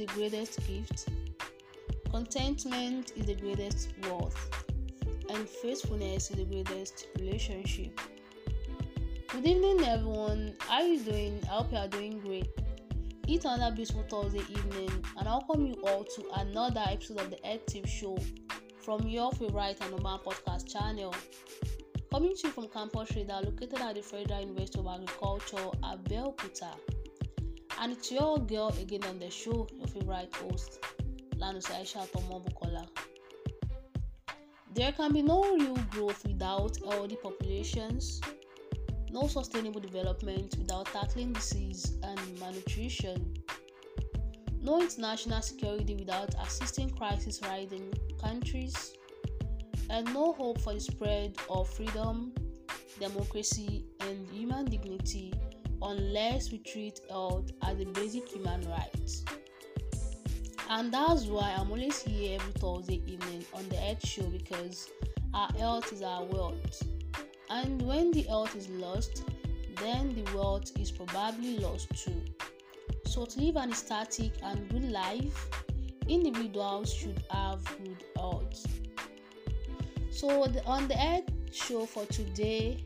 is the greatest gift. Contentment is the greatest wealth. And faithfulness is the greatest relationship. Good evening, everyone. How are you doing? I hope you are doing great. It's another beautiful Thursday evening, and I welcome you all to another episode of the Ed Tip Show from your favorite and normal podcast channel. Coming to you from Campus Radar, located at the Federal University of Agriculture, Kuta. And it's your girl again on the show, your favorite host, Lanus Aisha Tomobukola. There can be no real growth without healthy populations, no sustainable development without tackling disease and malnutrition, no international security without assisting crisis ridden countries, and no hope for the spread of freedom, democracy, and human dignity unless we treat health as a basic human right. And that's why I'm always here every Thursday evening on the Earth Show because our health is our wealth. And when the health is lost, then the wealth is probably lost too. So, to live an static and good life, individuals should have good health. So, the, on the Earth Show for today,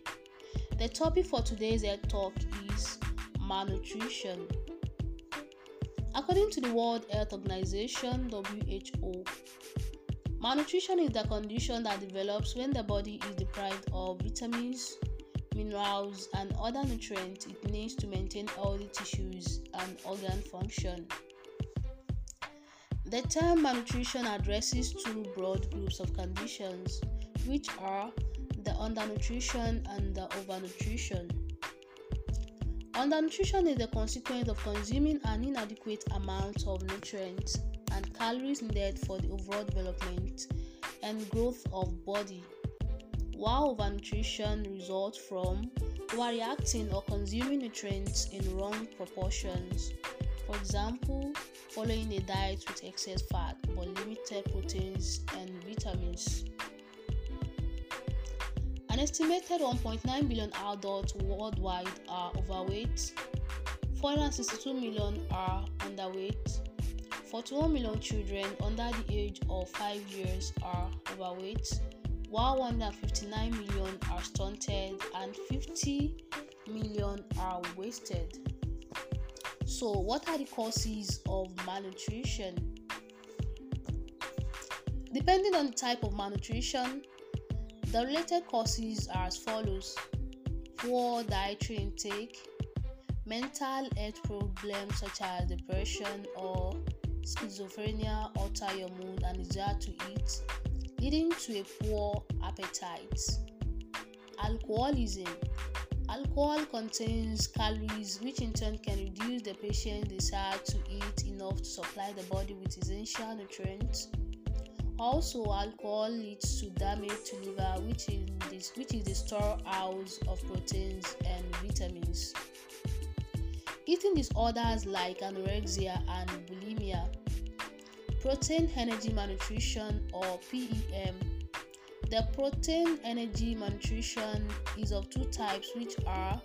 the topic for today's Egg Talk is malnutrition. According to the World Health Organization WHO, malnutrition is the condition that develops when the body is deprived of vitamins, minerals, and other nutrients it needs to maintain healthy tissues and organ function. The term malnutrition addresses two broad groups of conditions, which are the undernutrition and the overnutrition. Undernutrition is the consequence of consuming an inadequate amount of nutrients and calories needed for the overall development and growth of body, while overnutrition results from overreacting or consuming nutrients in wrong proportions. For example, following a diet with excess fat but limited proteins and vitamins estimated 1.9 billion adults worldwide are overweight, 462 million are underweight, 41 million children under the age of 5 years are overweight, while 159 million are stunted and 50 million are wasted. So, what are the causes of malnutrition? Depending on the type of malnutrition, the related causes are as follows poor dietary intake, mental health problems such as depression or schizophrenia alter your mood and desire to eat, leading to a poor appetite. Alcoholism Alcohol contains calories, which in turn can reduce the patient's desire to eat enough to supply the body with essential nutrients. Also, alcohol leads to damage to liver, which is the, which is the storehouse of proteins and vitamins. Eating disorders like anorexia and bulimia, protein energy malnutrition or PEM. The protein energy malnutrition is of two types, which are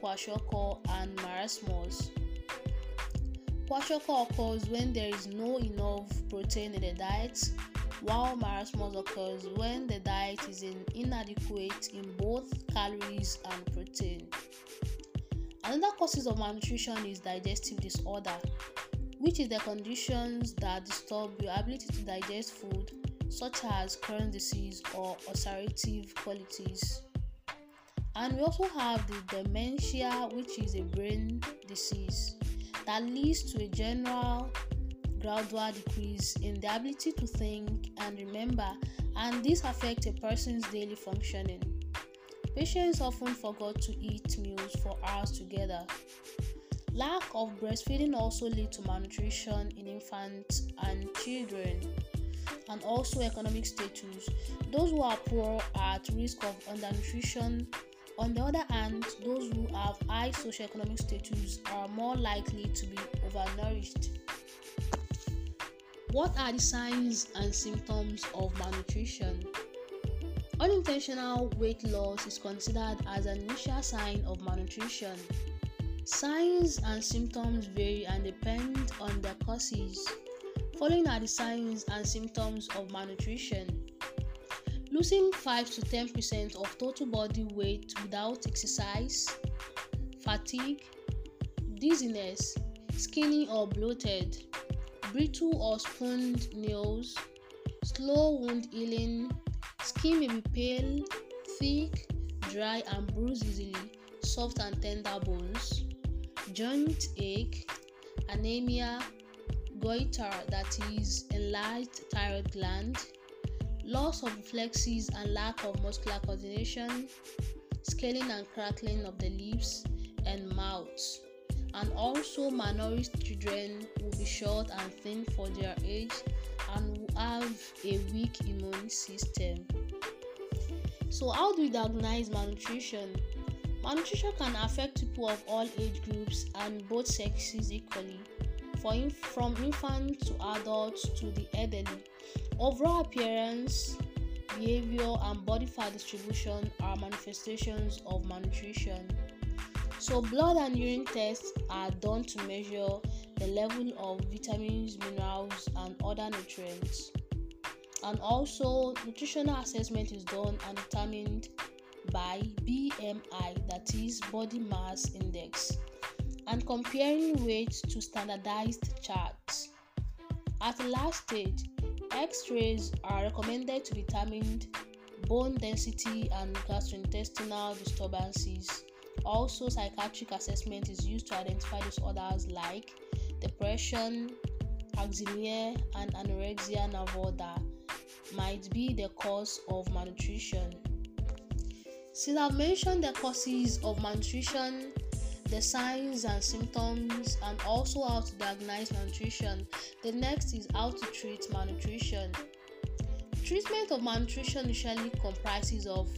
kwashiorkor and marasmus. Kwashiorkor occurs when there is no enough protein in the diet, while marasmus occurs when the diet is in inadequate in both calories and protein. Another causes of malnutrition is digestive disorder, which is the conditions that disturb your ability to digest food, such as Crohn's disease or ulcerative qualities. And we also have the dementia, which is a brain disease that leads to a general gradual decrease in the ability to think and remember, and this affects a person's daily functioning. Patients often forgot to eat meals for hours together. Lack of breastfeeding also leads to malnutrition in infants and children, and also economic status. Those who are poor are at risk of undernutrition on the other hand, those who have high socioeconomic status are more likely to be overnourished. What are the signs and symptoms of malnutrition? Unintentional weight loss is considered as an initial sign of malnutrition. Signs and symptoms vary and depend on their causes. Following are the signs and symptoms of malnutrition. Losing 5 to 10% of total body weight without exercise, fatigue, dizziness, skinny or bloated, brittle or spooned nails, slow wound healing, skin may be pale, thick, dry and bruise easily, soft and tender bones, joint ache, anemia, goiter that is enlarged thyroid gland, loss of reflexes and lack of muscular coordination, scaling and crackling of the lips and mouth. And also, minority children will be short and thin for their age and will have a weak immune system. So, how do we diagnose malnutrition? Malnutrition can affect people of all age groups and both sexes equally for in, from infant to adult to the elderly. Overall appearance, behavior, and body fat distribution are manifestations of malnutrition. So, blood and urine tests are done to measure the level of vitamins, minerals, and other nutrients. And also, nutritional assessment is done and determined by BMI, that is, body mass index and comparing weights to standardized charts. At the last stage, x rays are recommended to determine bone density and gastrointestinal disturbances. Also, psychiatric assessment is used to identify disorders like depression, anxiety, and anorexia nervosa might be the cause of malnutrition. Since I've mentioned the causes of malnutrition, the signs and symptoms, and also how to diagnose malnutrition. The next is how to treat malnutrition. Treatment of malnutrition usually comprises of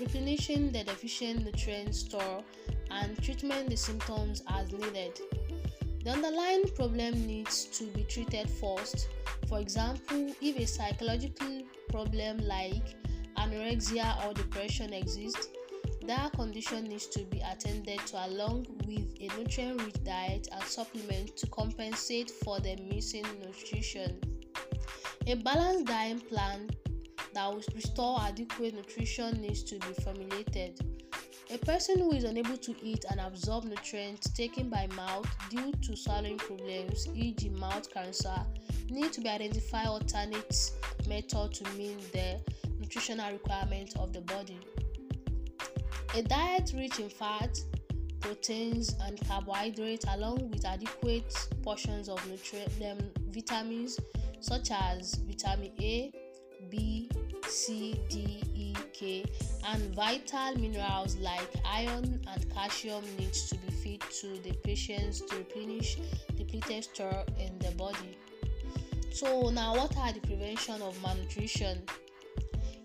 replenishing the deficient nutrient store and treatment the symptoms as needed. The underlying problem needs to be treated first. For example, if a psychological problem like anorexia or depression exists, that condition needs to be attended to along with a nutrient rich diet and supplements to compensate for the missing nutrition. A balanced diet plan that will restore adequate nutrition needs to be formulated. A person who is unable to eat and absorb nutrients taken by mouth due to swallowing problems, e.g., mouth cancer, need to be identified alternate method to meet the nutritional requirements of the body. A diet rich in fat, proteins, and carbohydrates, along with adequate portions of nutrients, um, vitamins such as vitamin A, B, C, D, E, K, and vital minerals like iron and calcium needs to be fed to the patients to replenish depleted store in the body. So now what are the prevention of malnutrition?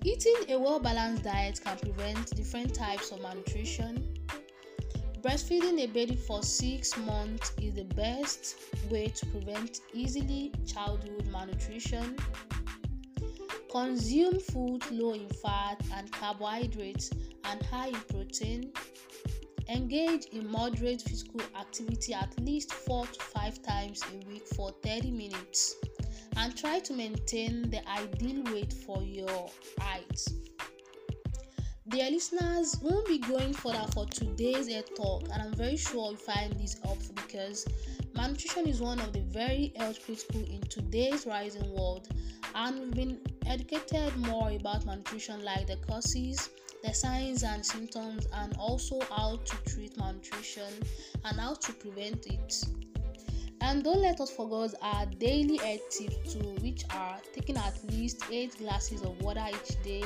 Eating a well balanced diet can prevent different types of malnutrition. Breastfeeding a baby for six months is the best way to prevent easily childhood malnutrition. Consume food low in fat and carbohydrates and high in protein. Engage in moderate physical activity at least 4 to 5 times a week for 30 minutes and try to maintain the ideal weight for your height. Dear listeners, won't be going further for today's Talk, and I'm very sure you find this helpful because malnutrition is one of the very health critical in today's rising world, and we've been educated more about malnutrition, like the causes, the signs and symptoms, and also how to treat malnutrition and how to prevent it. And don't let us forget our daily air tip too, which are taking at least 8 glasses of water each day,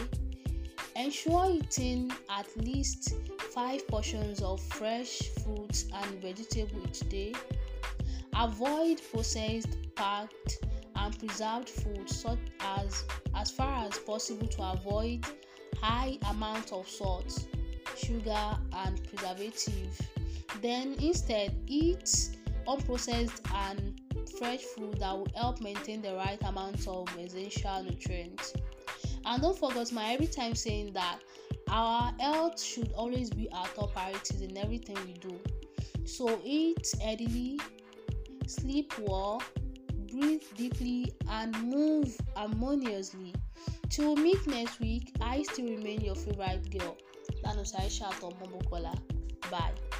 ensure eating at least 5 portions of fresh fruits and vegetable each day, avoid processed, packed, and preserved foods such as as far as possible to avoid high amounts of salt, sugar, and preservative. Then instead eat unprocessed and fresh food that will help maintain the right amount of essential nutrients. And don't forget my every time saying that our health should always be our top priorities in everything we do. So eat healthily, sleep well, breathe deeply, and move harmoniously. Till we meet next week, I still remain your favorite girl, Lanusa Aisha Tomobokola. Bye.